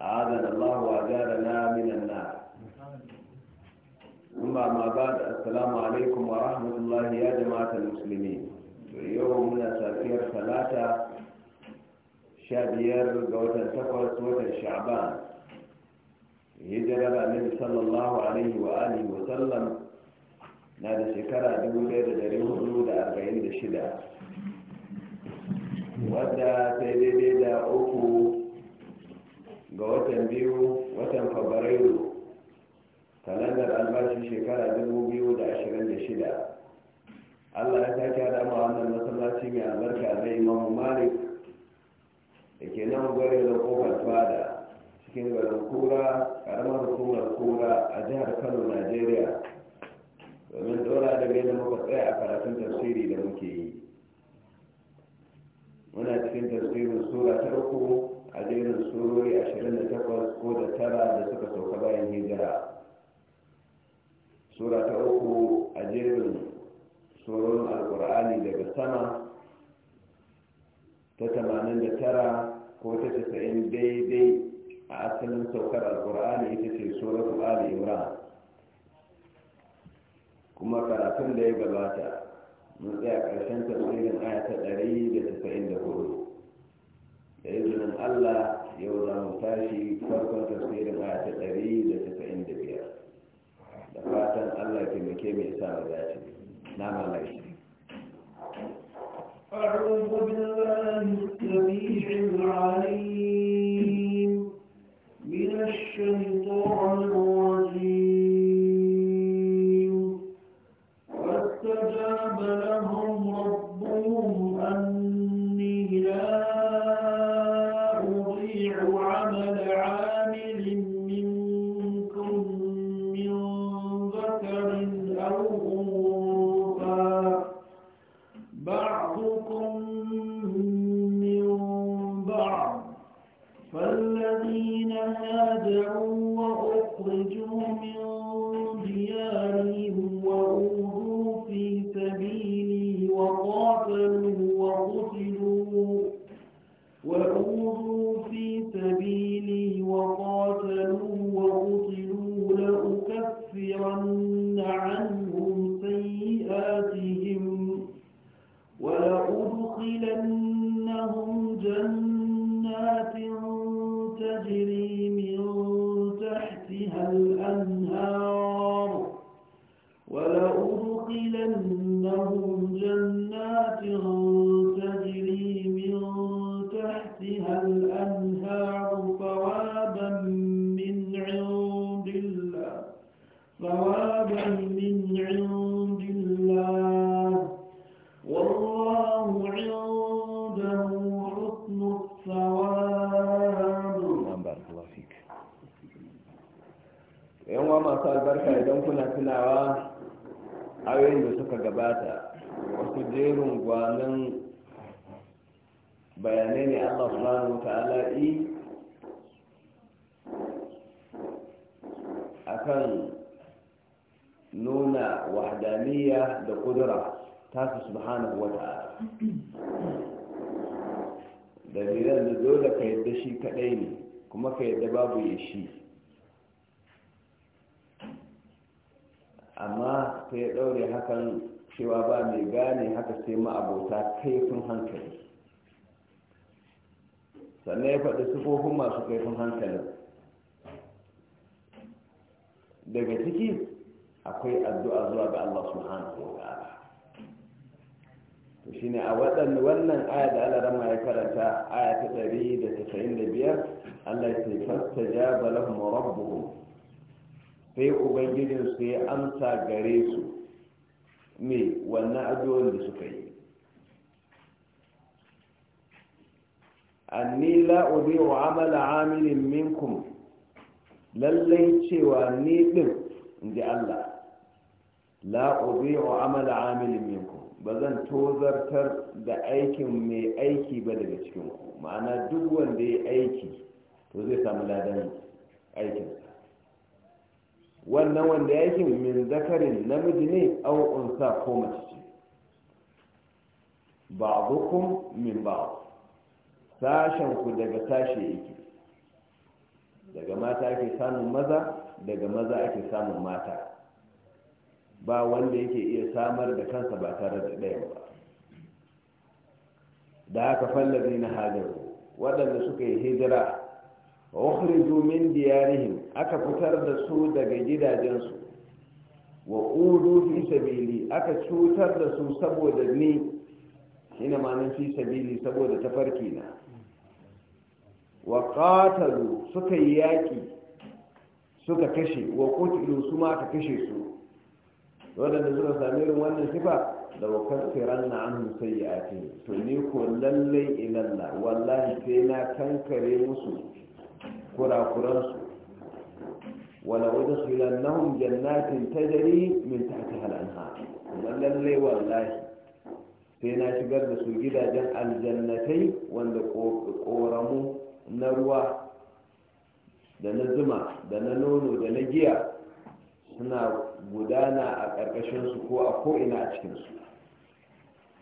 عادنا الله وأجارنا من النار أما ما بعد السلام عليكم ورحمة الله يا جماعة المسلمين يوم سافير ثلاثة شابير قوتا تقوى سوة شعبان هجر النبي صلى الله عليه وآله وسلم نادى شكرا دولة دريه حدود أربعين شدة ودى سيدي دا أوكو ga watan biyu watan fabrairu kalandar albashi shekara da shida. allah ya sake hada ma wannan masallaci mai albarka na imam malik da ke nan gware da kofar fada cikin garin kura karamar hukumar kura a jihar kano nigeria domin dora da yadda muka tsaye a karatun tafsiri da muke yi muna cikin tafsirin sura ta uku a ashirin surori 28 ko da tara da suka sauka bayan hijira sura ta uku a jirgin surorin alkur'ani daga sama ta 89 ko ta 90 daidai a asalin saukar alkur'ani ita ce suratu ali imran kuma karatun da ya gabata mun tsaya ƙarshen tafsirin aya ta 194 da izinin Allah yau za mu tashi farkon tafsirin a ta ɗari da tafa'in da biyar da fatan Allah taimake mai sa mu dace na mamaye أعوذ بالله السميع العليم من الشيطان الرجيم masu kaifin hankalin daga ciki akwai addu'a zuwa ga Allah subhanahu wa ta'ala to shine a waɗanne wannan aya da Allah rama ya karanta aya ta ɗari da 195 Allah ya ce fastajaba lahum rabbuhum sai ubangijin su ya amsa gare su me wannan addu'o'in da suka yi anni la udiru amala amilin minkum lallai cewa ni din inji Allah la udiru amala amilin minkum ba zan tozartar da aikin mai aiki ba daga cikin ku ma'ana duk wanda ya aiki to zai samu ladan aikin wannan wanda ya aikin min zakarin namiji ne au unsa ko mace ce ba'dukum min ba. sashen ku daga sashe yake daga mata ake samun maza daga maza ake samun mata ba wanda yake iya samar da kansa ba tare da ɗaya ba da haka fallabi na hajaru waɗanda suka yi hijira wa ukhriju min diyarihim aka fitar da su daga gidajensu wa udu fi sabili aka cutar da su saboda ni shine ma'anar fi sabili saboda tafarki na wa qatalu suka yi yaki suka kashe wa qutilu su ma aka kashe su wadanda suka sami irin wannan sifa da wakasiran na an sai ya ce to ni ko lallai ilalla wallahi sai na kankare musu kurakuransu wala wata su nahun jannatin ta jari min ta ta halanha lallai wallahi sai na shigar da su gidajen aljannatai wanda ƙoramu. na ruwa da na zuma da na nono da na giya suna gudana a ƙarƙashinsu ko a ko'ina a cikinsu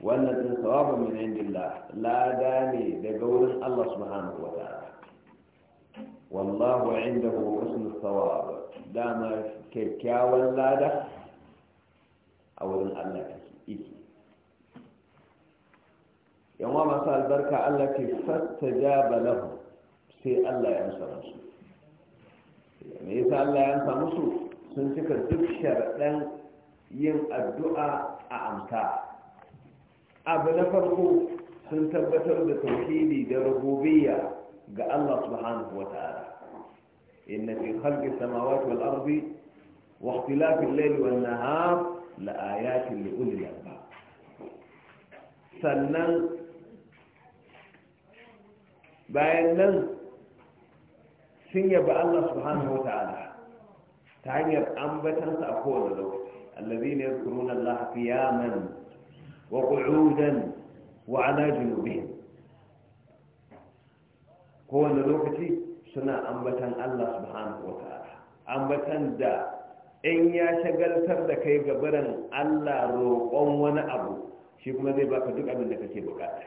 wannan ɗin sawabin min indillah lada ne daga wurin Allah subhanahu wa ta'ala wallahu inda husnul thawab dama kyakkyawan lada a wurin Allah take yawa masu albarka Allah ke fastajaba lahu sai Allah ya amsa musu me yasa Allah ya amsa musu sun cika duk sharaɗan yin addu'a a amsa abu na farko sun tabbatar da tauhidi da rububiyya ga Allah subhanahu wa ta'ala inna fi khalqi samawati wal ardi wa ikhtilafi al-layli wan nahar la ayatin li ulil albab sannan bayan nan sun yaba Allah subhanahu wa ta'ala ta hanyar ambatansa a kowane lokaci allazina yadhkuruna Allah qiyaman wa qu'udan wa ala junubihim kowane lokaci suna ambatan Allah subhanahu wa ta'ala ambatan da in ya shagaltar da kai gabaran Allah roƙon wani abu shi kuma zai baka duk abin da kake bukata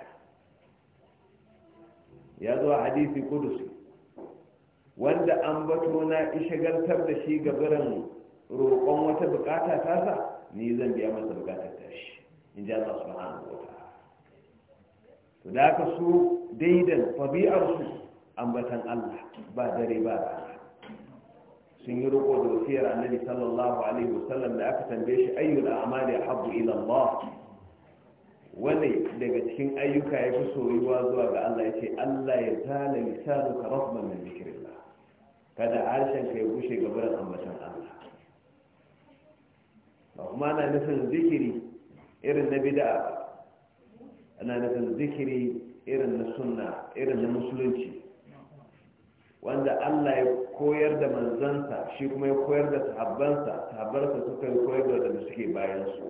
ya zo a hadisi kudusi wanda an bato na ishagartar da shi ga biran roƙon wata bukata tasa ni zan biya masa bukatar tashi in ji Allah subhanahu wa ta'ala to da haka su daidan tabi'ar su ambatan Allah ba dare ba rana sun yi roƙo da wasiyar annabi sallallahu alaihi wasallam da aka tambaye shi ayyul a'mali habbu ila Allah wani daga cikin ayyuka ya fi soyuwa zuwa ga Allah ya ce Allah ya tala misalu ka rahman min kada harshen ka ya bushe ga ambatan Allah ba kuma ana nufin zikiri irin na bid'a ana nufin zikiri irin na sunna irin na musulunci wanda Allah ya koyar da manzansa shi kuma ya koyar da sahabbansa sahabbarsa suka koyar da wadanda suke bayan su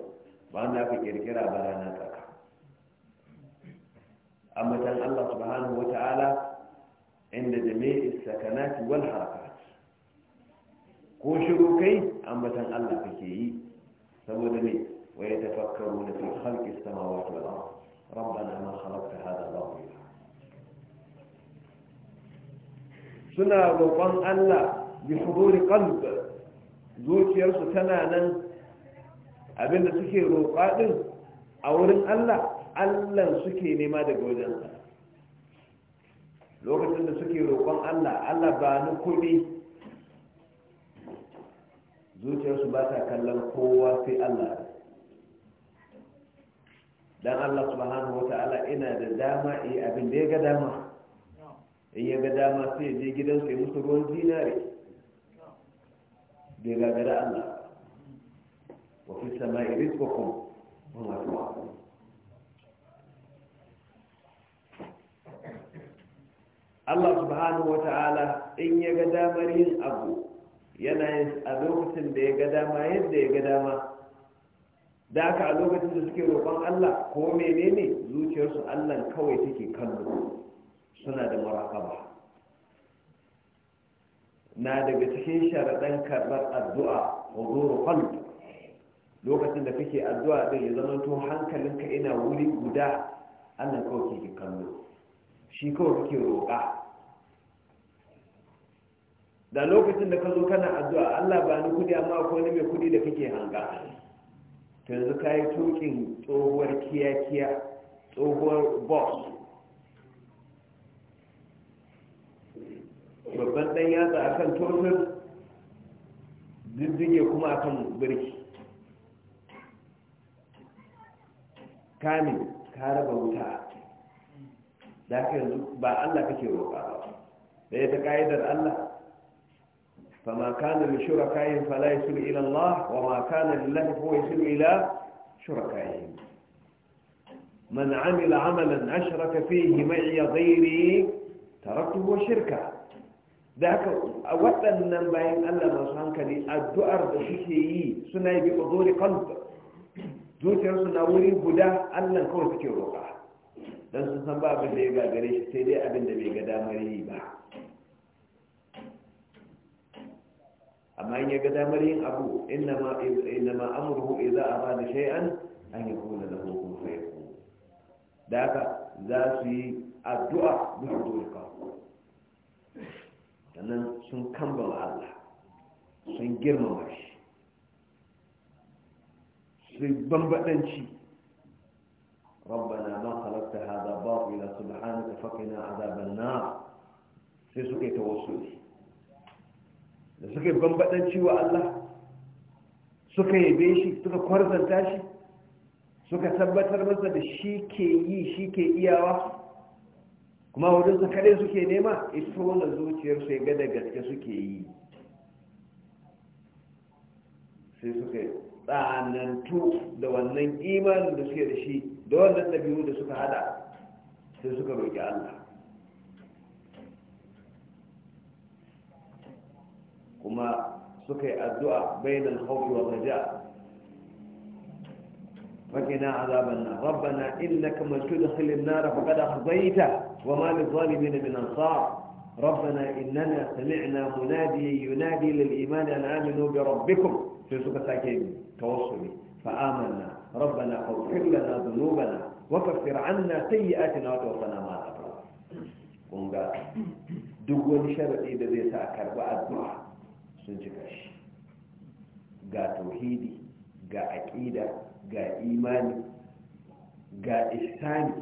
ba wanda aka kirkira ba rana tsaka ambatan Allah subhanahu wa ta'ala inda jami'i sakanati wal haraka ko shiru kai ambatan Allah kake yi saboda ne wa yatafakkaruna fi khalqi samawati wal ard rabbana ma khalaqta hadha baṭila suna roƙon Allah bi huduri qalb zuciyarsu tana nan abinda suke roƙa din a wurin Allah Allah suke nema daga wajen lokacin da suke roƙon Allah Allah ba ni kuɗi zuciyarsu ba ta kallon kowa sai allah dan allah subhanahu wa ta'ala ina da dama yi abin da ya ga dama in ya ga dama sai ya je gidan ya musu ruwan zinare ga gagara allah wa fi sama'i rizqukum wa ma tu'adun Allah subhanahu wa ta'ala in ya ga damar yin abu yana a lokacin da ya ga dama yadda ya ga dama da aka a lokacin da suke roƙon Allah ko menene zuciyarsu Allah kawai take kallo suna da maraƙaba na daga cikin sharaɗan karɓar addu'a wa zuru lokacin da kake addu'a din ya zama to hankalinka ina wuri guda Allah kawai take kallo shi kawai kake roƙa da lokacin da ka zo kana addu'a Allah ba ni kudi amma akwai ni mai kudi da kake hanga to yanzu ka yi tokin tsohuwar kiyakiya tsohuwar box babban dan yatsa akan tofin diddige kuma akan birki kamin ka raba wuta da yanzu ba Allah kake roƙa ba da ya ta ka'idar Allah فما كان لشركائهم فلا يصل إلى الله وما كان لله فهو يصل إلى شركائهم من عمل عملا أشرك فيه معي غيري تركته وشركه da haka waɗannan bayan allah masu hankali addu'ar da suke yi suna yi biyu zori kanta zuciyarsu na wuri guda allah kawai kuke roƙa Dan sun san ba abin da ya shi sai dai abin da bai ga damar yi ba أما إن يقدى مريم أبو إنما, إنما أمره إذا أراد شيئا أن يقول له كن فيكون ذاك ذاتي الدعاء بحضور قلبه لأن سن كم الله سن جرم ماشي سن بمبأن ربنا ما خلقت هذا باطلا سبحانك فقنا عذاب النار في سكة da suka yi bambadanci wa Allah suka yabe shi suka kwarzanta shi suka tabbatar masa da shi ke yi shi ke iyawa kuma wadansa kadai suke nema ita wannan zuciyar sai ga da gaske suke yi sai suka tsanantu da wannan imanin da suke da shi da wannan ɗabi'u da suka hada sai suka roƙi Allah kuma suka yi addu'a bainal khawfi wa raja fakina azaban na rabbana innaka man tudkhil an-nar faqad akhzayta wa ma lidh-dhalimin min ansar ربنا إننا سمعنا مناديا ينادي للإيمان أن آمنوا بربكم في سكة ساكين توصلي فآمنا ربنا فاغفر لنا ذنوبنا وكفر عنا wata وتوفنا مع الأبرار kun ga duk wani sharaɗi da zai sa karɓi addu'a sun cika shi ga tauhidi ga aƙida ga imani ga isani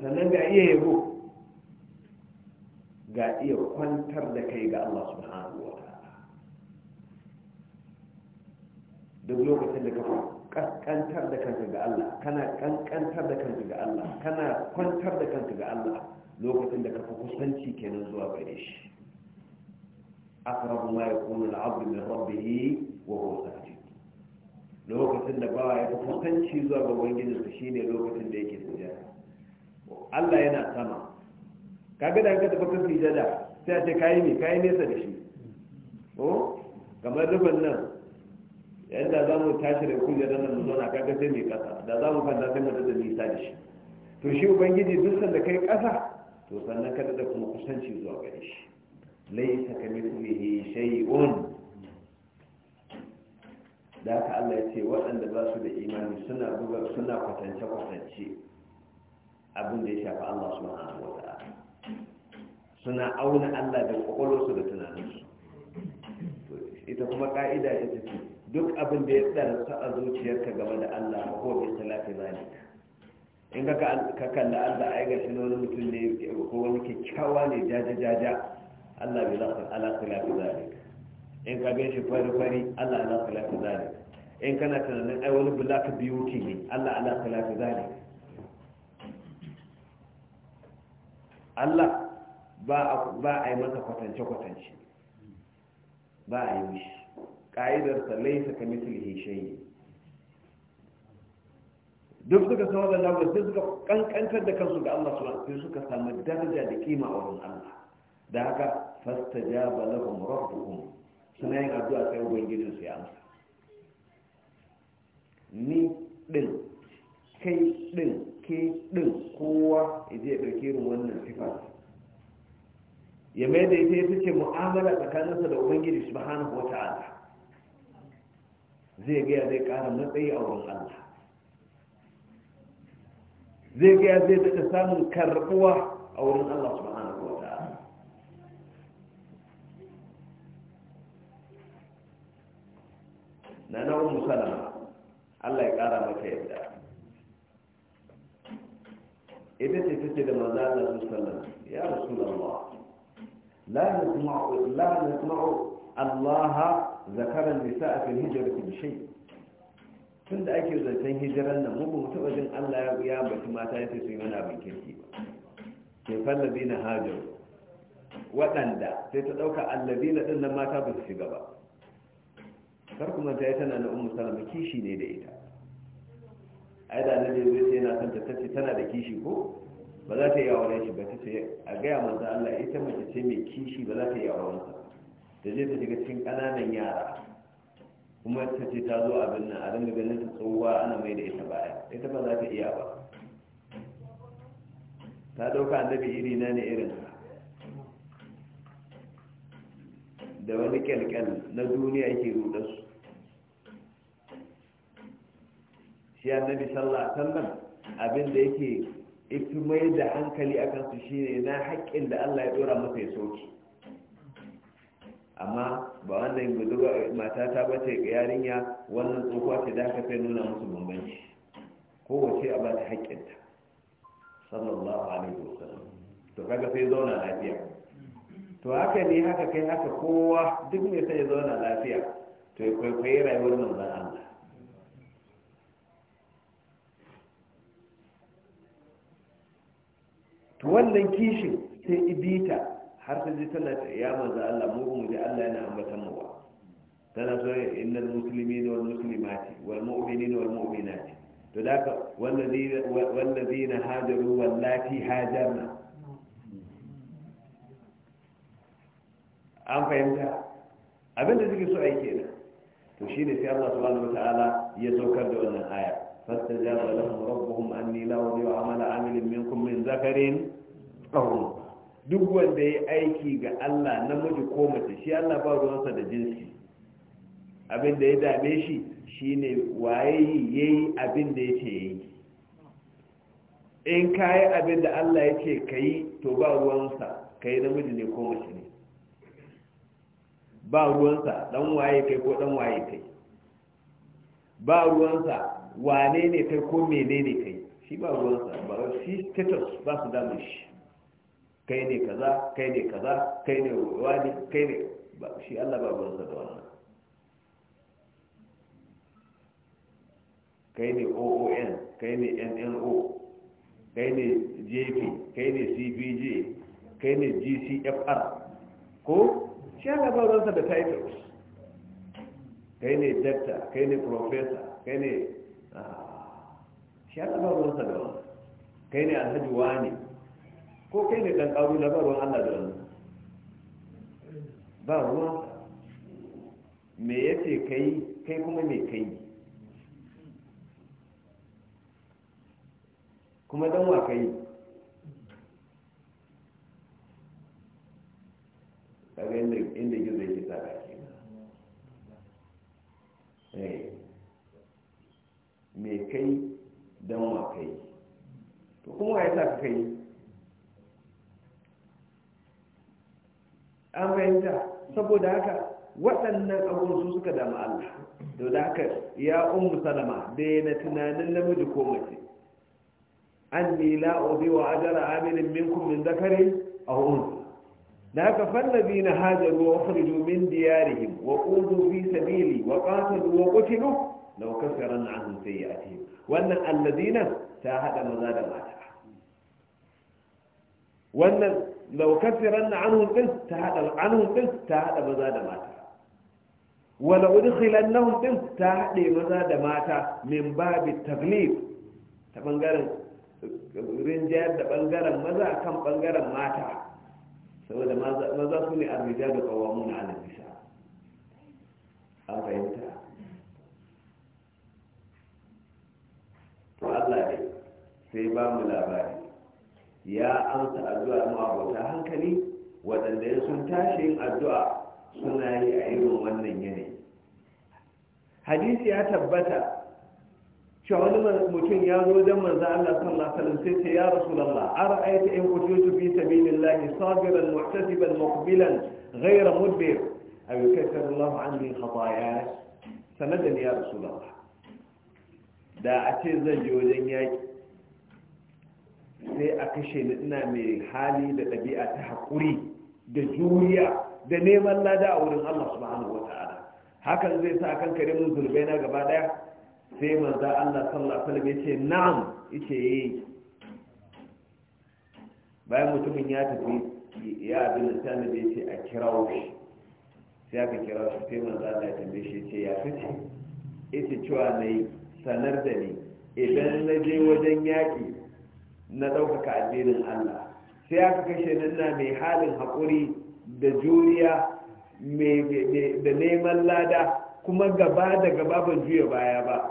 sannan ga iya yabo ga iya kwantar da kai ga Allah subhanahu wa duk lokacin da kafa kaskantar da kanka ga Allah kana kankantar da kanka ga Allah kana kwantar da kanka ga Allah lokacin da kafa kusanci kenan zuwa gare shi أقرب ما يكون العبد من ربه وهو ساجد lokacin da bawa ya fi kusanci zuwa ga ubangijinsa shine lokacin da yake ينا Allah yana sama kaga في ka tafi كايمي كايمي sai a ce ربنا ne da shi ko kamar nan yadda za mu tashi da kujerar nan mu zauna kaga sai mai kasa da za mu kwanta sai mu da nisa da shi to shi ubangiji duk sanda kai kasa to sannan ka da kuma kusanci zuwa gare shi laisa ka mithlihi shay'un da haka Allah ya ce waɗanda ba su da imani suna buga suna kwatance kwatance abin da ya shafi Allah subhanahu wata'ala suna auna Allah da kwakwalwarsu da tunaninsu ita kuma ƙa'ida ita ce duk abin da ya tsarsa a zuciyarka game da Allah ba ko bai salafi zalika in ka kalla Allah ai ga shi wani mutum ne ko wani kyakkyawa ne jaja jaja Allah bai lafi ala khilafi zalik in ka gan shi fari fari Allah ala khilafi zalik in kana tunanin ai wani black beauty ne Allah ala khilafi zalik Allah ba ba a yi masa kwatance kwatance ba a yi shi ka'idar sa laysa kamithlihi shay'in duk suka da waɗannan sai suka kankantar da kansu ga Allah subhanahu sai suka samu daraja da kima a wurin Allah da haka fastajaba lahum rabbuhum suna yin addu'a sai ubangijin su ya amsa ni din kai din ke din kowa ya dauke irin wannan sifa ya mai da ita yafi ce mu'amala tsakaninsa da ubangiji subhanahu wata'ala zai gaya zai kara matsayi a wurin Allah zai gaya zai daɗa samun karɓuwa a wurin Allah subhanahu wa na na ummu salama Allah ya kara mata yadda ita ce take da manzo Allah sallallahu ya rasulullah la nasma'u la nasma'u Allah zakara a fil hijrati bi shay tun da ake zancen hijiran nan mu ba taɓa jin Allah ya baci mata ya ce su yi mana abin kirki ba ke fallabi na hajar waɗanda sai ta ɗauka allabina ɗin nan mata ba su shiga ba kar kuma ta yi tana na ummu salama kishi ne da ita ai da annabi zai sai yana son ta tace tana da kishi ko ba za ta yi yawon shi ba ta ce a gaya manzo Allah ita mace ce mai kishi ba za ta yi yawon sa ta je ta shiga cikin kananan yara kuma ta ce ta zo abin nan a dinga ganin ta tsohuwa ana mai da ita baya ita ba za ta iya ba ta ɗauka annabi iri na ne irin da wani kyalkyal na duniya yake rudar su shi annabi sallallahu alaihi wasallam abin da yake ifi mai da hankali akan su shine na haƙƙin da Allah ya dora masa ya soki amma ba wannan guduwa mata ta bace yarinya wannan tsofa ce da aka sai nuna musu bambanci kowace a ba ta ta sallallahu alaihi wasallam to kaga sai zauna lafiya to haka ne haka kai haka kowa duk mai sai zauna lafiya to ya kwaikwayi rayuwar manzon Allah to wannan kishin sai ibita har ta ji tana ta ya manzo Allah mu mu ji Allah yana ambatan mu ba tana so innal muslimina wal muslimati wal mu'minina wal mu'minati to da ka wallazina wallazina hajaru wallati hajarna an fahimta abinda suke so ai kenan to shine sai Allah subhanahu wataala ya saukar da wannan aya فاستجاب لهم ربهم أني لا أضيع عمل عامل منكم من ذكر أو أنثى duk wanda ya aiki ga Allah namiji ko mace shi Allah ba ruwansa da jinsi abin da ya dame shi shine waye yayi abin da yake yi in kayi abin da Allah yake kai to ba ruwansa kai namiji ne ko mace ne ba ruwansa dan waye kai ko dan waye kai ba ruwansa wane ne kai ko mene ne kai shi ba ruwansa ba shi status ba su damu shi kai ne kaza kai ne kaza kai ne wani kai ne ba shi allah ba ruwansa da wannan kai ne oon kai ne nno kai ne jp kai ne cpj kai ne gcfr ko shi allah ba ruwansa da titles kai ne doctor kai ne professor kai ne Ah, shi aka ba ruwan sa da wani kai ne alhaji wani ko kai ne dan karu da ba ruwan Allah da wani ba ruwan me yace kai kai kuma me kai kuma dan wa kai kaga inda inda gizo yake tsaka kenan eh mai kai don wa kai to kuma ya sa kai an fahimta saboda haka waɗannan abubuwan su suka dama Allah to da haka ya umu salama na tunanin namiji ko mace An nila obi wa ajara aminin minkum min zakari a unsa da haka fallabi na hajaru wa min diyarihim wa qudu fi sabili wa qatalu wa qutilu لو كفرن عنهم سيئاتهم وأن الذين تاهد مزاد ماتا وأن لو كفرن عنهم قلت تاهد عنهم قلت تاهد مزاد ماتا ولو أدخلنهم قلت تاهد مزاد ماتا من باب التغليب تبنغرن rinjayar da bangaren كم kan bangaren سوى ماذا maza الرجال قوامون على النساء da kawamu to allah ne sai ba mu labari ya amsa addu'ar ma'abota hankali waɗanda ya sun tashi yin addu'a suna yi a irin wannan yanayi hadisi ya tabbata cewa wani mutum ya zo wajen manzo Allah sallallahu alaihi wasallam sai ce ya rasulullah ara'aita in qutiltu fi sabilillahi sabiran muhtasiban muqbilan ghayra mudbir aw yakfir Allahu anni khataaya sanadani ya rasulullah da a ce zan je wajen yaƙi sai a kashe ni ina mai hali da ɗabi'a ta haƙuri da juriya da neman lada a wurin Allah subhanahu wata'ala hakan zai sa kan kare mun zulbai na gaba daya sai manzo Allah sallallahu alaihi wasallam yace na'am yace yi. bayan mutumin ya tafi ya abin da sai da yace a kirawo shi sai aka kirawo shi sai manzo Allah ya tambaye shi yace ya fice yace cewa nayi sanar da ni idan na je wajen yaƙi na ɗaukaka addinin Allah sai aka kashe nan na mai halin haƙuri da juriya da neman lada kuma gaba da gaba ban juya baya ba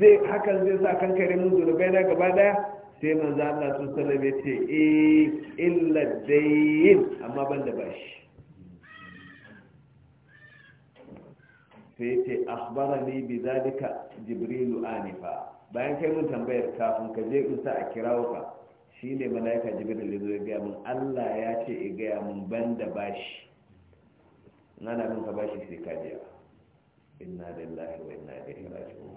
zai hakan zai sa kankare mun zuwa na gaba daya sai manzo Allah sun sallame ce eh illa dayyin amma ban da bashi sai ce akhbarani bi zalika jibrilu anifa bayan kai mun tambayar kafin ka je in sa a kirawo ka shine malaika jibril ya zo ya gaya mun Allah ya ce ya gaya mun banda bashi nana mun ka bashi sai ka biya inna lillahi wa inna ilaihi raji'un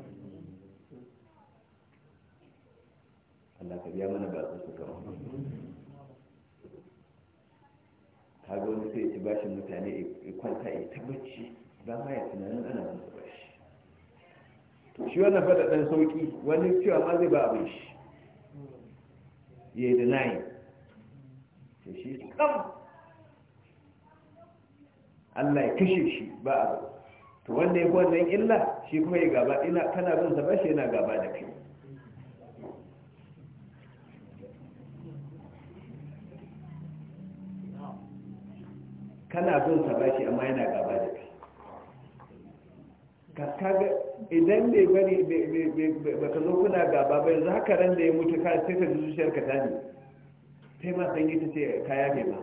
Allah ka biya mana ba su kama ga wani sai ya ci bashin mutane ya kwanta ya tabbaci ba ma ya tunanin ana musu ba shi to shi wannan fada dan sauƙi wani cewa ma zai ba abin shi ya yi da nayi to shi kam Allah ya kashe shi ba abu to wanda ya wannan illa shi kuma ya gaba ina kana bin sa bashi yana gaba da kai kana bin sa bashi amma yana gaba da kai. kaga idan bai bari ba ka zo kuna gaba ba yanzu haka ran da ya mutu ka sai ka zuciyar ka tani sai ma sanyi ta ce kaya ne ma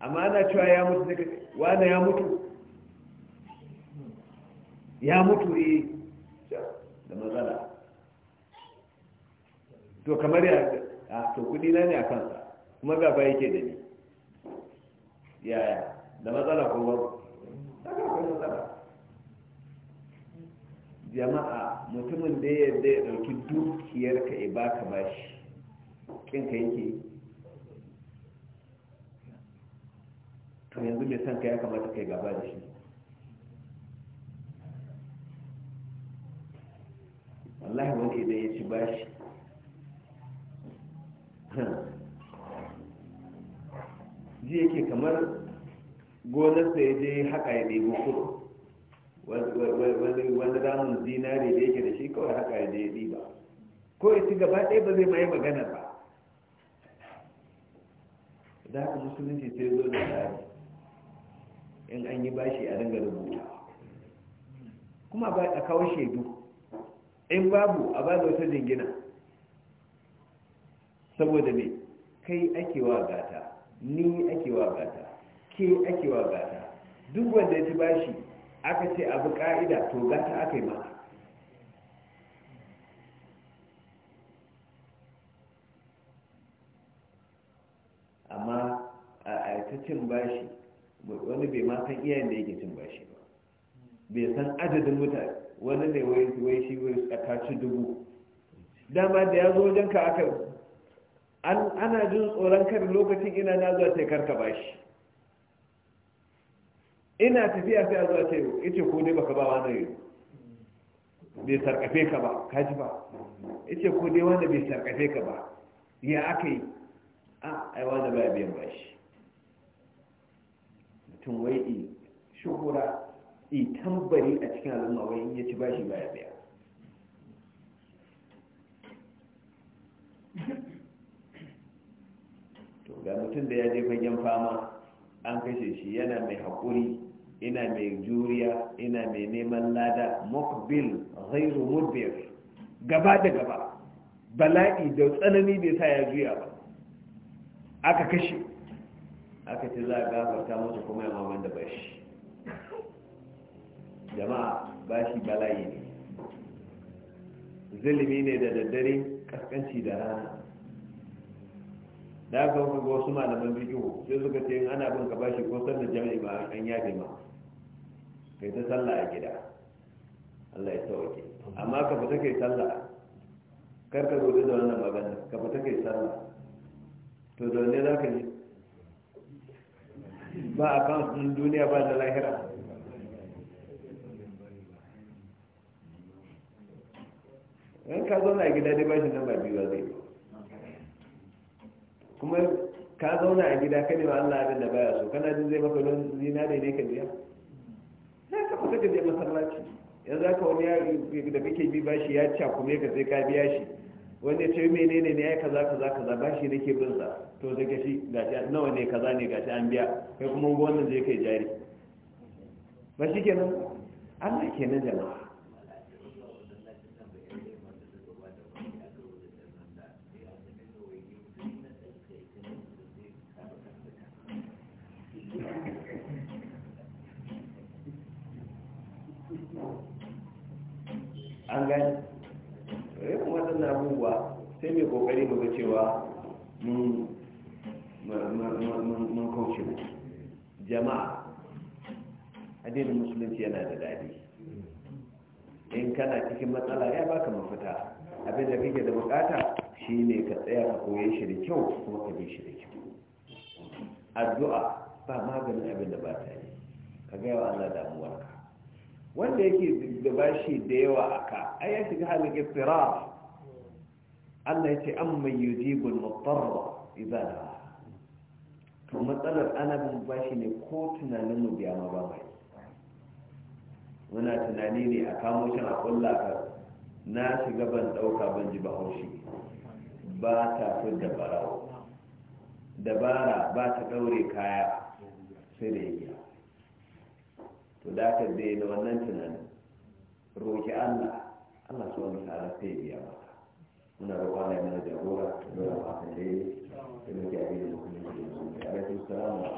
amma ana cewa ya mutu sai ka wane ya mutu ya mutu ne eh. da matsala to kamar ya a to kudi na ne a kansa kuma gaba yake da ni yaya da matsala ko ba ta ga matsala jama'a mutumin da ya yarda ya ɗauki dukiyar ka ya baka bashi kin ka yake to yanzu mai son ka ya kamata kai gaba da shi wallahi wani idan ya ci bashi ji yake kamar gonarsa ya je haka ya ɗebo kudu wani damun zinare da yake da shi kawai haka ya ba ko ya ci gaba ɗaya ba zai yi magana ba Za haka musulunci sai zo da tsari in an yi bashi a dinga rubuta kuma ba a kawo shaidu in babu a ba da wata jingina saboda me kai ake wa gata ni ake wa gata ke ake wa gata duk wanda ya ci bashi aka ce abu ka'ida to gata aka yi maka amma a ta cin bashi wani bai ma san iyayen da yake cin bashi ba bai san adadin mutane wani ne wai shi wai tsakaci dubu dama da ya zo wajen ka aka ana jin tsoron kar lokacin ina na zuwa sai karka bashi ina tafiya sai a zuwa ce yace ko dai baka ba wani bai sarkafe ka ba kaji ba yace ko dai wanda bai sarkafe ka ba ya aka yi a ah, ai wanda baya biyan bashi mutum wai i shukura i tambari a cikin al'umma wai in ya ci bashi baya biya to ga mutum da ya je fagen fama an kashe shi yana mai haƙuri ina mai juriya ina mai neman lada mokbil ghairu mudbir gaba da gaba bala'i da tsanani bai sa ya juya ba aka kashe aka ce za a gafarta musu kuma ya maman da bashi jama'a bashi bala'i ne zulumi ne da daddare kaskanci da rana da aka ga wasu malaman bikin sai suka ce ana bin ka bashi ko sanda jami'i ba an yafe ma kai ta sallah a gida Allah ya sauke amma ka fita kai sallah kar ka gobe da wannan magana ka fita kai sallah to da ne za ka ba a kan sun duniya ba da lahira wani ka zauna a gida dai shi nan ba biyu zai kuma ka zauna a gida kane ma Allah abin da baya so kana jin zai maka don zina ne ne ka biya za ka fita ka je masallaci yanzu haka wani ya da kake bi bashi ya cakume ka sai ka biya shi wanda ya ce menene ne ai kaza kaza kaza bashi nake bin sa to sai ka shi gashi nawa ne kaza ne gashi an biya kai kuma wannan zai kai jari ba shi kenan Allah kenan jama'a an gani yin waɗannan abubuwa sai mai kokari ga cewa mun kauce mu jama'a addinin musulunci yana da daɗi in kana cikin matsala ya baka mafita abin da kake da bukata shine ka tsaya ka koye shi da kyau kuma ka bi shi da kyau addu'a ba maganin abin da ba ta yi ka gaya wa Allah damuwarka wanda yake da bashi da yawa aka ai ya shiga halin istirar Allah ya ce amma yujibul mutarra idza da to matsalar ana bin bashi ne ko tunanin mu biya ma ba mai muna tunani ne a kamo shi a kulla ka na shiga ban dauka ban ji ba haushi ba ta fi dabara dabara ba ta daure kaya sai da yake to da ka daina wannan tunanin roƙi allah allah su wani ta'ala sai biya maka muna roƙa da mana jagora da yawan fatan da yi da muke abin da mutum da mutum da alaikun salamu a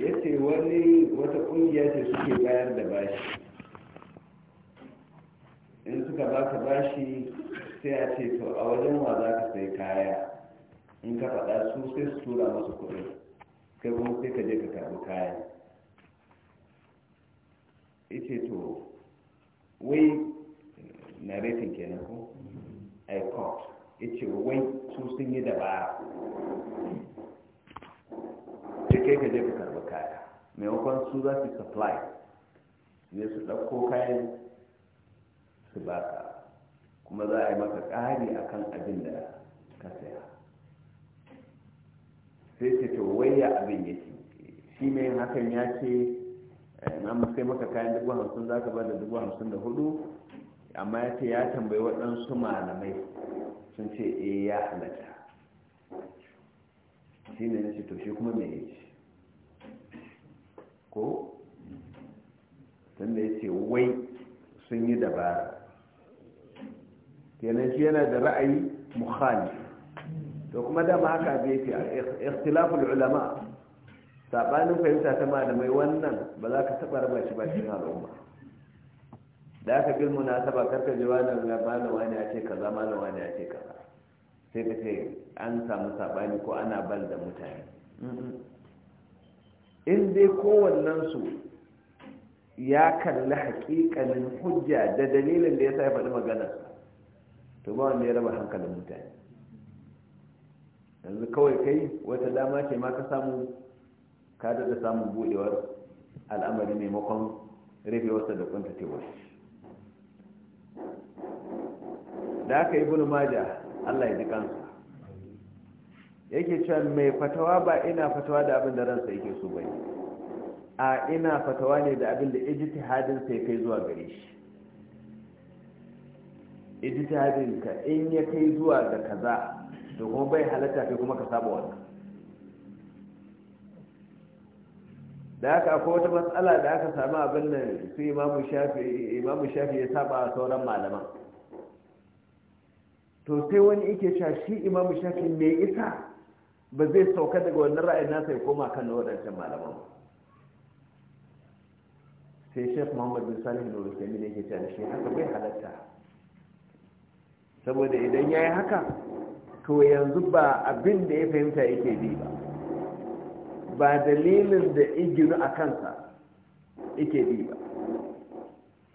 ya ce wani wata ƙungiya ce suke bayar da bashi in suka baka bashi sai a ce to a wajen wa za ka sai kaya in ka faɗa su sai su tura masu kuɗi kai kuma sai ka je ka karɓi kaya ita to wai na narrating kenan ko i caught ita wai su sun yi dabara sai kai ka je ka karɓi kaya maimakon su za su supply ne su ɗauko kayan su baka kuma za a yi maka ƙari a kan abin da ka saya sai ce to waya abin yake shi mai hakan ya ce eh, na musai maka kayan dubu hamsin za ka ba da dubu hamsin da hudu amma ya ce ya tambayi waɗansu malamai sun ce e ya halatta shi ne na ce to shi kuma mai ce ko tun da ya ce wai sun yi dabara kenan shi yana da ra'ayi mukhali to kuma dama haka bai fi ikhtilaful ulama sabanin fahimta ta malamai wannan ba za ka taba raba shi ba cikin al'umma da aka bil munasaba karka ji wani labarin wani ya ce kaza malam wani ya ce kaza sai ka ce an samu sabani ko ana bal da mutane in dai kowannen su ya kalli haƙiƙanin hujja da dalilin da ya sa ya faɗi magana to ba wanda ya raba hankalin mutane yanzu kawai kai wata dama ce ma ka samu ka da samun buɗewar al'amari maimakon rufe wasa da kwanta wasu da aka yi bunu maja allah ya ji kansa yake cewa mai fatawa ba ina fatawa da abin da ransa yake so bai a ina fatawa ne da abin da ijtihadin sai kai zuwa gare shi ijtihadin ka in ya kai zuwa ga kaza to kuma bai halatta kai kuma ka saba wannan da haka akwai wata matsala da aka samu abin nan su imamu shafi imamu shafi ya saba sauran malaman to sai wani yake cewa shi imamu shafi ne isa ba zai sauka daga wannan ra'ayin nasa ya koma kan wadancan malaman ba sai shek muhammad bin salih da rusami ne ke cewa shi haka bai halatta saboda idan ya yi haka to yanzu ba abin da ya fahimta yake bi ba ba dalilin da iginu a kansa yake bi ba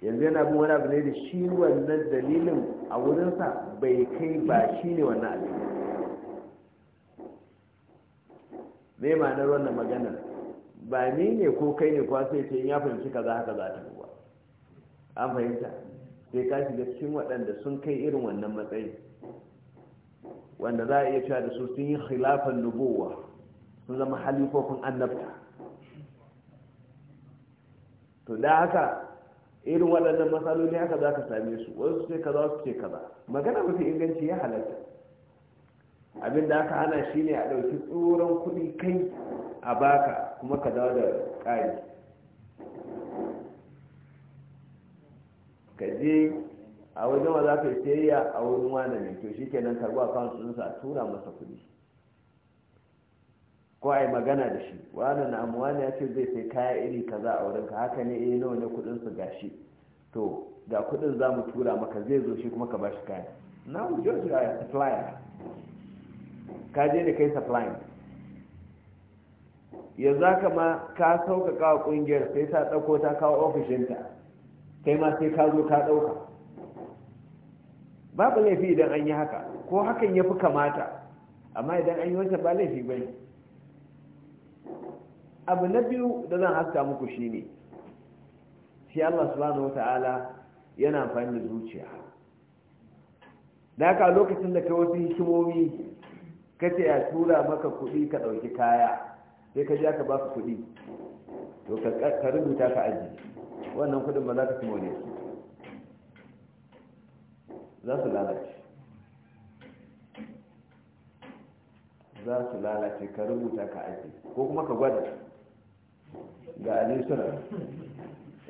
yanzu yana bin wani abu ne da shi wannan dalilin a wurinsa bai kai ba shi ne wannan abin ne ma'anar wannan maganar ba ni ne ko kai ne kwa sai ce ya fahimci kaza haka za ta ruwa an fahimta sai ka shiga cikin waɗanda sun kai irin wannan matsayi wanda za a iya cewa da su sun yi khilafan nubuwa sun zama halifofin annabta to da haka irin waɗannan matsaloli haka za ka same su wasu ce kaza wasu ce kaza magana mafi inganci ya halatta abin da aka hana shine a ɗauki tsoron kuɗi kai a baka kuma ka dawo da ƙari ka je a wajen wa za ka yi sayayya a wurin wani ne to shi kenan karbo akawun ɗinsa a tura masa kuɗi ko a yi magana da shi wani na amuwani ya ce zai sai kaya iri kaza a wurin ka haka ne eh nawa ne kuɗinsa ga shi to ga kuɗin za mu tura maka zai zo shi kuma ka ba shi kaya now just a supplier ka je da kai supplier yanzu haka ma ka sauƙaƙa wa ƙungiyar sai ta ɗauko ta kawo ofishinta kai ma sai ka zo ka ɗauka babu laifi idan an yi haka ko hakan ya fi kamata amma idan an yi wancan ba laifi ba ne abu na biyu da zan haska muku shi ne. shi Allah subhanahu Ta'ala yana amfani da zuciya da haka lokacin da kai wasu hikimomi kace ya tura maka kuɗi ka ɗauki kaya sai ka ji aka ba su kuɗi to ka rubuta ka aji wannan kuɗin ba za ka fi mone su za su lalace za su lalace ka rubuta ka aji ko kuma ka gwada ga alisura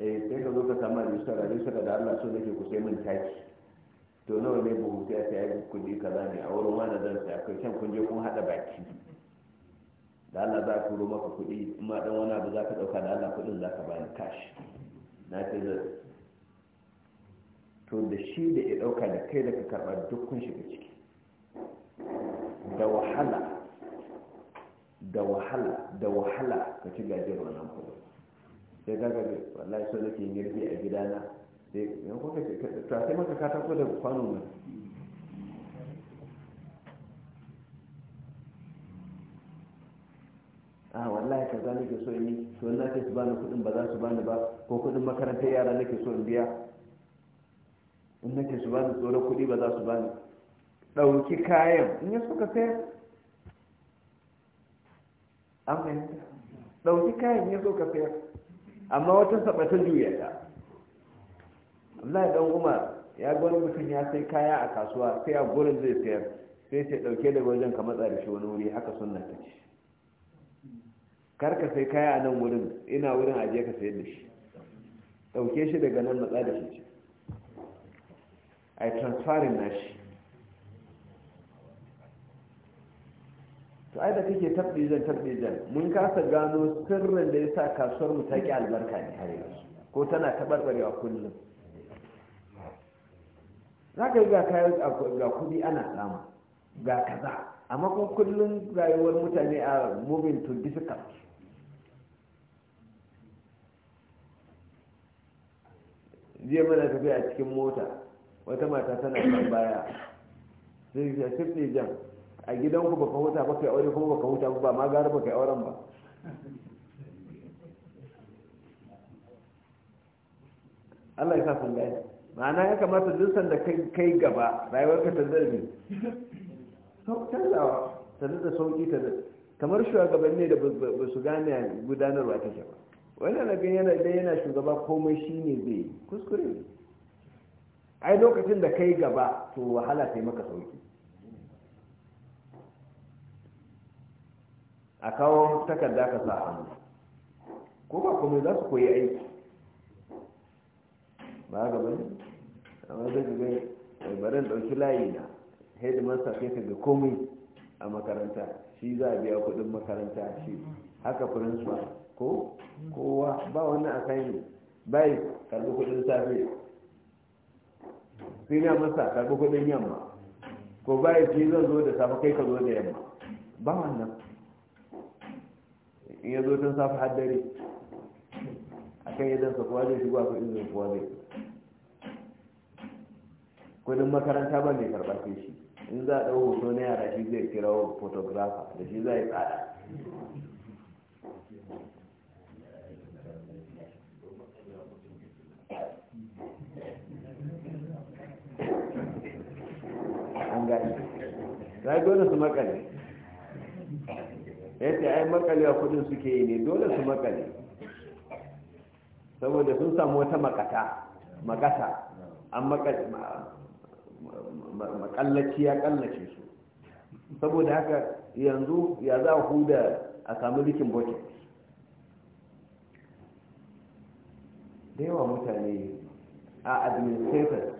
eh sai ka zo ka samu alisura alisura da allah so nake ku sai mun taki to nawa ne buhu sai a sai kudi kaza ne a wurin wani zan sai akwai can kun je kun hada baki da Allah za ku turo maka kuɗi in ma dan wani abu za ka ɗauka da Allah kuɗin za ka bani kashi na ce da to da shi da ya ɗauka da kai da ka karɓa duk kun shiga ciki da wahala da wahala da wahala ka ci gajiyar wannan kuɗi. sai ka gabe wallahi so nake yin girki a gidana sai yan kuka ce ta sai maka katako da kwano mai a ah, wallahi kaza nake so in yi to na ce su bani kuɗin ba za su bani ba ko kuɗin makarantar yara nake so in biya in nake su bani tsoron kuɗi ba za su bani ɗauki kayan in ya suka sayar an dauki ɗauki kayan ya so ka sayar amma wata sabatin juya ta wallahi dan Umar ya ga wani mutum ya sai kaya a kasuwa sai a gurin zai sayar sai sai ɗauke daga wajen ka matsa da shi wani wuri haka sunna ta ce karka sai kaya a nan wurin ina wurin ajiye ka sayar da shi ɗauke shi daga nan matsa da shi a yi transferin nashi to ai da kake tabbijan tabbijan mun kasa gano sirrin da ya sa kasuwar mu ta ki albarka ne har yanzu ko tana tabarbarewa kullum za ka yi ga kayan ga kudi ana samu ga kaza amma kuma kullum rayuwar mutane a moving to difficult jiya mana tafiya a cikin mota wata mata tana kan baya sai ta ne jan a gidanku baka huta ba kai aure kuma baka huta ba ma gara baka auren ba Allah ya sa sun gani ma'ana ya kamata duk sanda kai kai gaba rayuwar ka ta zarbi canzawa ta da sauki ta kamar shugabanni da ba su gane gudanarwa ta ba wannan na yana idan yana shugaba komai shi ne zai yi kuskure ne ai lokacin da kai gaba to wahala sai maka sauki a kawo takarda ka sa hannu ko ba komai za su koyi aiki ba gaba ne amma zai ga barin ɗauki layi na headmaster sai ka ga komai a makaranta shi za a biya kuɗin makaranta shi haka principal ko kowa ba wani a ne bai karbi kudin safe sai na masa karbi kudin yamma ko bai shi zan zo da safe kai ka zo da yamma ba wannan in ya zo tun safe har a kan yadda sa kowa zai shigo a kudin zai kowa zai kudin makaranta ba mai karɓa shi in za a ɗau hoto na yara shi zai kira photographer da shi zai tsada ta dole su makale ya ce ai a kudin suke yi ne dole su makale saboda sun samu wata makata makata an makallaci ya kallace su saboda haka yanzu ya za ku da a samu rikin bucket da yawa mutane a administrators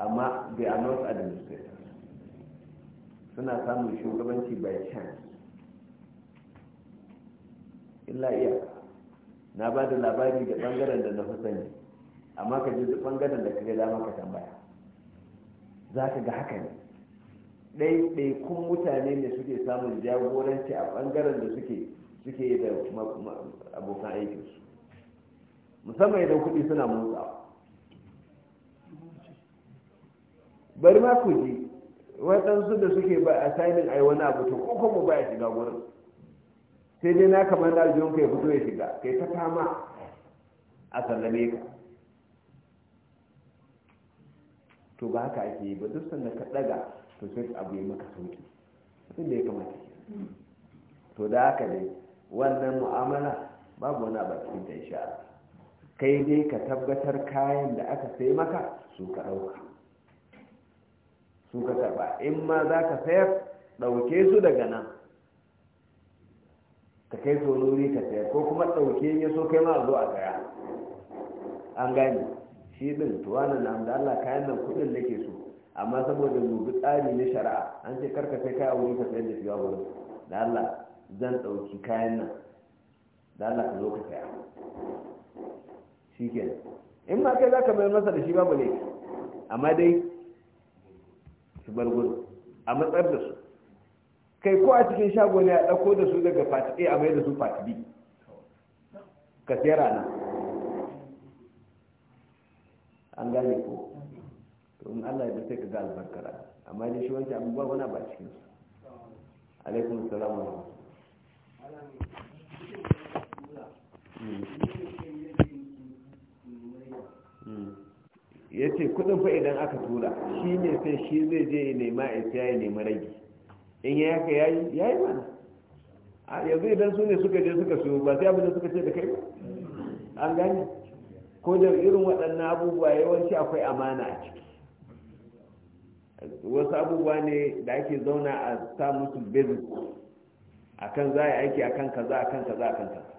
amma they are not administrators suna samun shugabanci by chance illa iya na ba da labari da bangaren da na fi sani amma ka ji bangaren da kaga dama ka tambaya za ka ga haka ne ɗaiɗaikun mutane ne suke samun jagoranci a bangaren da suke suke da abokan aikinsu musamman idan kuɗi suna motsawa bari ma ku ji waɗansu da suke ba a sainin ai wani abu to ko kuma ba ya shiga wurin sai dai na kamar da aljihun ka ya fito ya shiga kai ta fama a sallame ka to ba haka ake yi ba duk sanda ka ɗaga to sai abu ya maka sauki da ya kamata to da haka dai wannan mu'amala babu wani abu a cikin ta kai dai ka tabbatar kayan da aka sai maka su ka ɗauka su ka karba in ma za ka sayar ɗauke su daga nan ka kai su wani wuri ka sayar ko kuma ɗauke ya so kai ma a zo a gaya an gane shi ɗin tuwa na nan da Allah kayan nan kuɗin nake so amma saboda gobe tsari na shari'a an ce karka kai kaya wuri ka sayar da shi wurin da Allah zan ɗauki kayan nan da Allah ka zo ka saya shi kenan in ma kai za ka bayar masa da shi babu ne amma dai su bar gudu a matsar da su kai ko a cikin shago ne a ɗauko da su daga fati a a mai da su fati b ka siya rana an gane ko to in allah ya sai ka ga albarkara amma dai shi wancan abubuwa wani ba cikin su alaikun salamu alaikum Mm. ya ce kudin fa idan aka tura shi ne sai shi zai je ya nema ya siya ya nema ragi in ya haka ya yi ya yi mana a yanzu idan su ne suka je suka su ba sai abinda suka ce da kai ba an gane ko da irin waɗannan abubuwa yawanci akwai amana a ciki wasu abubuwa ne da ake zauna a sa musu bezin kan za a yi aiki kan kaza kan kaza akan kaza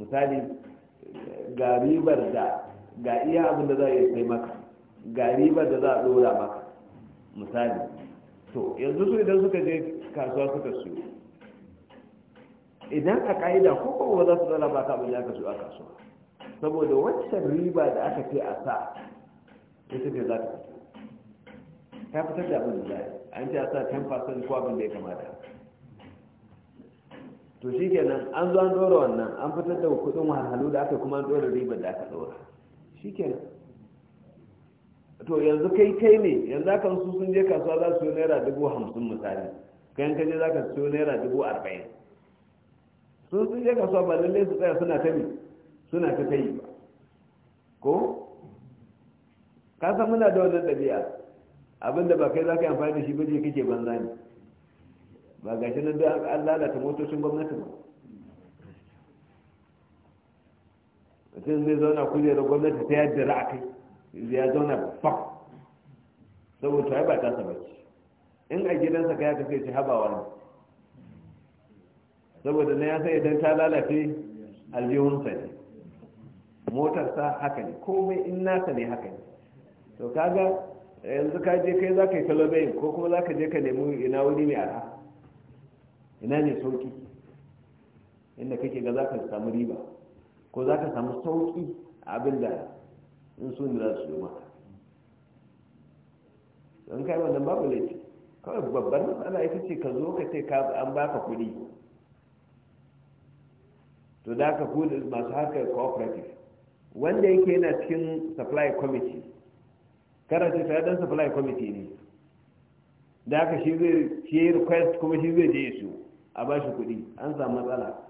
misali ga ribar da ga iya abin da za a iya sai maka ga riba da za a dora maka misali to yanzu su idan suka je kasuwa suka siyo idan a ka'ida ko kuma za su zala ba ka abin da aka siyo a kasuwa saboda wancan riba da aka ce a sa ita ce za ta fita ta fitar da abin da za a an ce a sa 10% ko abin da ya kamata to shi kenan an zo an dora wannan an fitar da kudin wahalhalu da aka kuma an dora ribar da aka dora shikenan to yanzu kai kai ne yanzu aka su sun je kasuwa za su yi naira dubu hamsin misali kayan kaje za ka siyo naira dubu arba'in sun sun je kasuwa ba lallai su tsaya suna ta suna ta tayi ba ko ka san muna da wannan ɗabi'a abinda ba kai za ka yi amfani da shi ba je kake banza ne ba ga shi nan da an lalata motocin gwamnati ba sai zai zauna kujerar gwamnati ta yadda ra'a kai ya zauna fa saboda tawai ba ta saba in a gidansa ka ya kafe ci habawa ne saboda na ya sai idan ta lalace aljihunsa ne motarsa haka ne komai in nasa ne haka ne to kaga yanzu ka je kai za ka yi talabayin ko kuma za ka je ka nemi ina wuri mai arha ina ne sauki inda kake ga za ka samu riba ko za ka samu sauki abin da in su ne za su yi maka don kai wannan babu laifi kawai babban matsala ita ce ka zo ka ce an ba ka kuɗi to da ka kuɗi masu harkar cooperative wanda yake yana cikin supply committee karanta ta dan supply committee ne da aka shi zai request kuma shi zai je su a ba shi kuɗi an samu matsala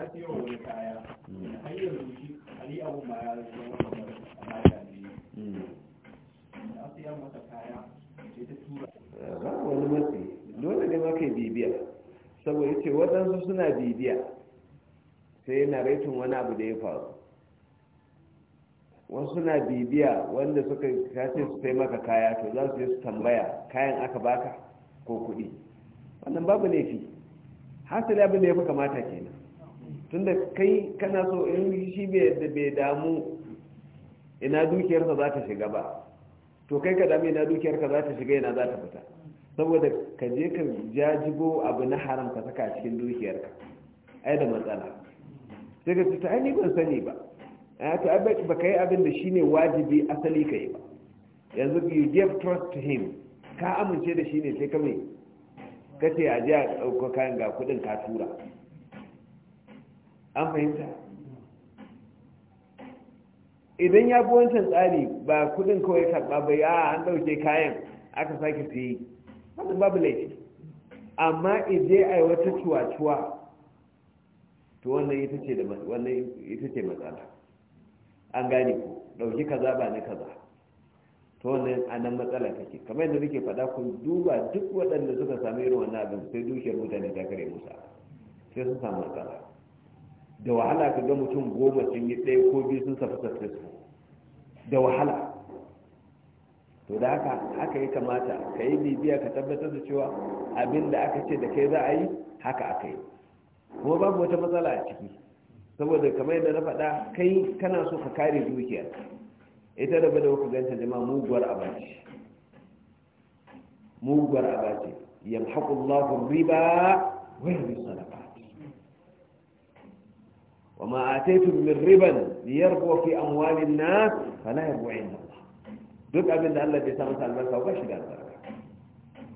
wani kaya ali abu ma ya zama kamar mata ne da siya mata kaya ta tura ba wani matsi dole ne ma kai bibiya saboda ce waɗansu suna bibiya sai na raitin wani abu da ya faru wasu suna bibiya wanda suka kace su sai maka kaya to za su yi su tambaya kayan aka baka ko kuɗi wannan babu laifi hasali abin da ya fi kamata kenan tunda kai kana so in shi bai damu ina dukiyarsa za ta shiga ba to kai ka damu ina dukiyarka za ta shiga ina za ta fita saboda ka je ka jajibo abu na haram ka saka cikin dukiyarka ai da matsala sai ka ce ta ni ban sani ba ah, to ta ba ka yi abin da shine wajibi asali ka yi ba yanzu you give trust to him ka amince da shi ne sai ka mai ka ce a je a ɗauka kayan ga kuɗin ka tura an fahimta idan ya bi wancan tsari ba kudin kawai karɓa ba ya an ɗauke kayan aka sake siye wannan babu laifi amma idan a yi wata cuwa-cuwa to wannan ita ce matsala an gane ku ɗauki kaza ba na kaza to wannan a matsala take kamar yadda nake faɗa ku duba duk waɗanda suka sami irin wannan abin sai dukiyar mutane ta kare musa sai sun samu matsala da wahala ka ga mutum goma sun yi ɗaya ko biyu sun safi successful da wahala to da haka haka ya kamata ka yi bibiya ka tabbatar da cewa abin da aka ce da kai za a yi haka aka yi kuma babu wata matsala a ciki saboda kamar yadda na faɗa kai kana so ka kare dukiya ita da bada wuka ganta jama muguwar abaci muguwar abaci yamhaqullahu riba wa yurbi sadaqa وما آتيتم من ربا ليربو في أموال الناس فلا يربو عند الله duk abin da Allah bai sa masa albarka ba shi da albarka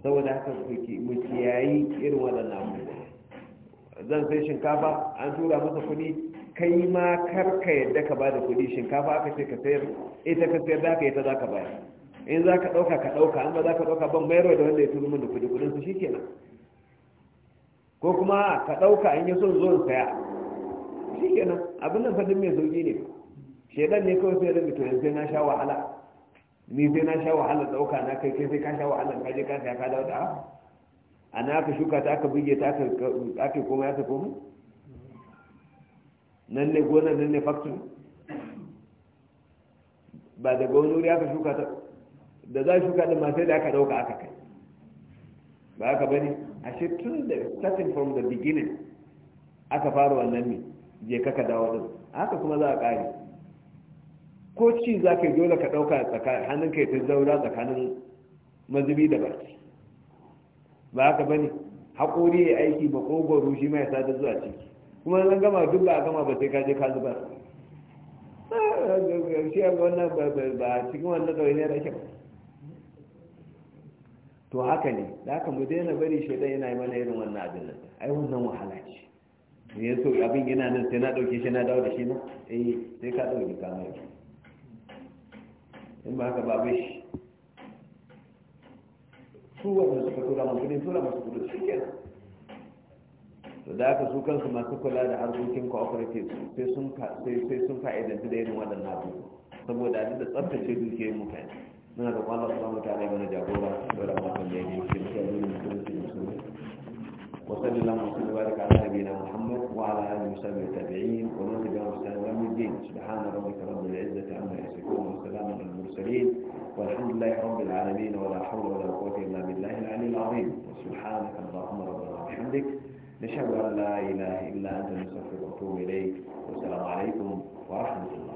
saboda haka mu kiyayi irin waɗannan abubuwa zan sai shinkafa an tura masa kuɗi kai ma karka yadda ka bada kuɗi shinkafa aka ce ka sayar ita ka sayar da ka ita za ka bayar in za ka ɗauka ka ɗauka an ba za ka ɗauka ban mayarwa da wanda ya turu min da kuɗi kuɗin su shikenan ko kuma ka ɗauka in yi son zuwan saya shi kenan abin nan fadin mai sauki ne shaidan ne kawai sai rabi to yanzu na sha wahala ni sai na sha wahala dauka na kai kai sai ka sha wahala ka je ka sha ka dawo da a na aka shuka ta aka buge ta aka koma ya ta koma nan ne gonar nan ne factory ba daga wani wuri aka shuka ta da za shuka da masu da aka dauka aka kai ba aka bane ashe tun da starting from the beginning aka fara wannan ne je ka ka dawo din haka kuma za a kare ko ci za ka dole ka ɗauka hannun ka ta zaura tsakanin mazubi da baki ba haka ba ne haƙori ya aiki ba ƙogoro shi mai sadar zuwa ciki kuma zan gama duk ba a gama ba sai ka je ka zubar shi wannan ba cikin wannan ya ake ba to haka ne da haka mu daina bari shaidan yana yi mana irin wannan abin nan ai wannan wahala ce ne ya so abin yana nan sai na dauke shi na dawo da shi na eh sai ka dauke ka mai in ba haka ba shi su wanda suka tura masu kudin tura masu kudin su ke to da haka su kansu masu kula da harkokin cooperative sai sun fa'idanci da irin waɗannan abu saboda da tsabtace dukiyar mutane muna da kwallon su ba mutane mana jagora da ramatan da ya ke cikin وصلى الله وسلم وبارك على نبينا محمد وعلى اله وصحبه التابعين ومن تبعهم بإحسان يوم الدين سبحان ربك رب العزه عما يصفون وسلام على المرسلين والحمد لله رب العالمين ولا حول ولا قوه الا بالله العلي العظيم سبحانك اللهم ربنا وبحمدك نشهد ان لا اله الا انت نستغفرك ونتوب اليك والسلام عليكم ورحمه الله